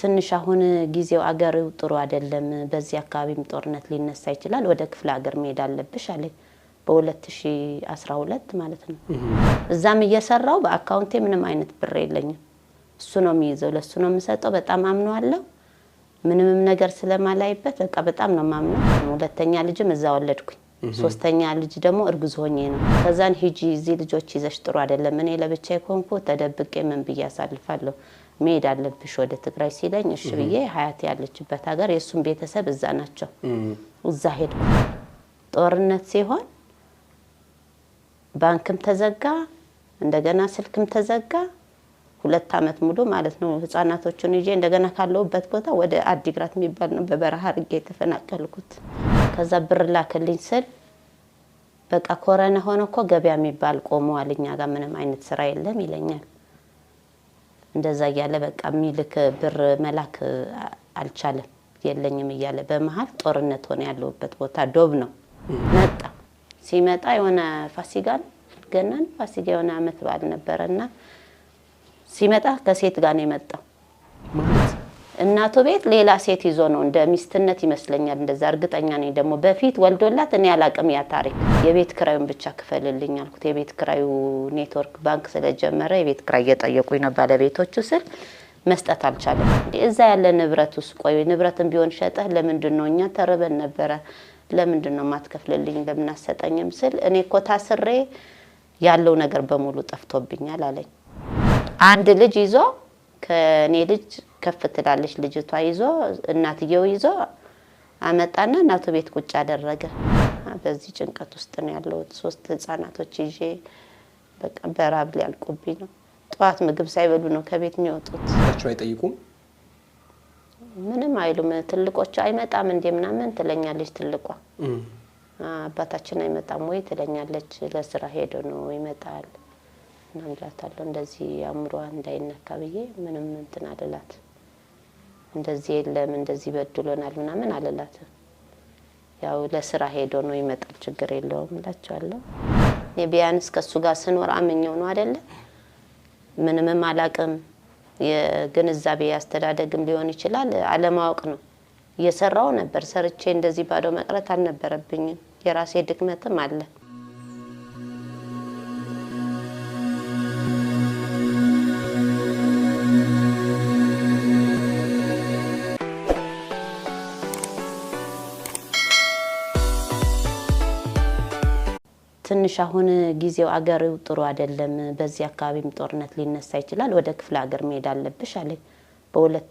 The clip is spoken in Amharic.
ትንሽ አሁን ጊዜው አገሬው ጥሩ አይደለም፣ በዚህ አካባቢም ጦርነት ሊነሳ ይችላል፣ ወደ ክፍለ ሀገር መሄድ አለብሽ አለኝ። በ2012 ማለት ነው። እዛም እየሰራው በአካውንቴ ምንም አይነት ብር የለኝም። እሱ ነው የሚይዘው፣ ለእሱ ነው የምሰጠው። በጣም አምነዋለሁ። ምንምም ነገር ስለማላይበት በቃ በጣም ነው ማምነው። ሁለተኛ ልጅም እዛ ወለድኩኝ። ሶስተኛ ልጅ ደግሞ እርግዝ ሆኜ ነው። ከዛን ሂጂ እዚህ ልጆች ይዘሽ ጥሩ አይደለም፣ እኔ ለብቻ የኮንኩ ተደብቄ ምን ብዬ አሳልፋለሁ፣ መሄድ አለብሽ ወደ ትግራይ ሲለኝ እሺ ብዬ ሀያት ያለችበት ሀገር የእሱን ቤተሰብ እዛ ናቸው። እዛ ሄድኩ። ጦርነት ሲሆን ባንክም ተዘጋ፣ እንደገና ስልክም ተዘጋ። ሁለት ዓመት ሙሉ ማለት ነው ህጻናቶቹን ይዤ እንደገና ካለሁበት ቦታ ወደ አዲግራት የሚባል ነው በበረሃ ርጌ የተፈናቀልኩት። ከዛ ብር ላክልኝ ስል በቃ ኮረነ ሆነ እኮ ገበያ የሚባል ቆመዋል፣ እኛ ጋር ምንም አይነት ስራ የለም ይለኛል። እንደዛ እያለ በቃ የሚልክ ብር መላክ አልቻለም፣ የለኝም እያለ በመሀል ጦርነት ሆነ። ያለበት ቦታ ዶብ ነው። መጣ ሲመጣ የሆነ ፋሲጋን ገናን ፋሲጋ የሆነ አመት በዓል ነበረ እና ሲመጣ ከሴት ጋር ነው የመጣው እናቱ ቤት ሌላ ሴት ይዞ ነው እንደ ሚስትነት ይመስለኛል። እንደዛ እርግጠኛ ነኝ። ደግሞ በፊት ወልዶላት እኔ አላቅም ያ ታሪክ። የቤት ክራዩን ብቻ ክፈልልኝ አልኩት። የቤት ክራዩ ኔትወርክ ባንክ ስለጀመረ የቤት ክራይ እየጠየቁኝ ነው ባለቤቶቹ ስል መስጠት አልቻለም። እዛ ያለ ንብረት ውስጥ ቆይ ንብረትን ቢሆን ሸጠህ ለምንድን ነው እኛ ተርበን ነበረ ለምንድን ነው ማትከፍልልኝ ለምን አሰጠኝም ስል እኔ እኮ ታስሬ ያለው ነገር በሙሉ ጠፍቶብኛል አለኝ። አንድ ልጅ ይዞ ከእኔ ልጅ ከፍ ትላለች ልጅቷ። ይዞ እናትየው ይዞ አመጣና እናቱ ቤት ቁጭ አደረገ። በዚህ ጭንቀት ውስጥ ነው ያለሁት። ሶስት ህጻናቶች ይዤ በቃ በራብ ሊያልቁብኝ ነው። ጠዋት ምግብ ሳይበሉ ነው ከቤት የሚወጡት። አይጠይቁም፣ ምንም አይሉም። ትልቆቹ አይመጣም እንዴ ምናምን ትለኛለች ትልቋ። አባታችን አይመጣም ወይ ትለኛለች። ለስራ ሄዶ ነው ይመጣል እናምላታለሁ። እንደዚህ አእምሯ እንዳይነካ ብዬ ምንም እንትን አልላት እንደዚህ የለም እንደዚህ በድሎናል ምናምን አልላትም። ያው ለስራ ሄዶ ነው ይመጣል፣ ችግር የለውም እላቸዋለሁ። ቢያንስ ከእሱ ጋር ስኖር አምኜው ነው አደለ። ምንምም አላቅም። የግንዛቤ አስተዳደግም ሊሆን ይችላል፣ አለማወቅ ነው። እየሰራው ነበር ሰርቼ እንደዚህ ባዶ መቅረት አልነበረብኝም። የራሴ ድክመትም አለ። ትንሽ አሁን ጊዜው አገሬው ጥሩ አይደለም፣ በዚህ አካባቢም ጦርነት ሊነሳ ይችላል፣ ወደ ክፍለ ሀገር መሄድ አለብሽ አለኝ በሁለት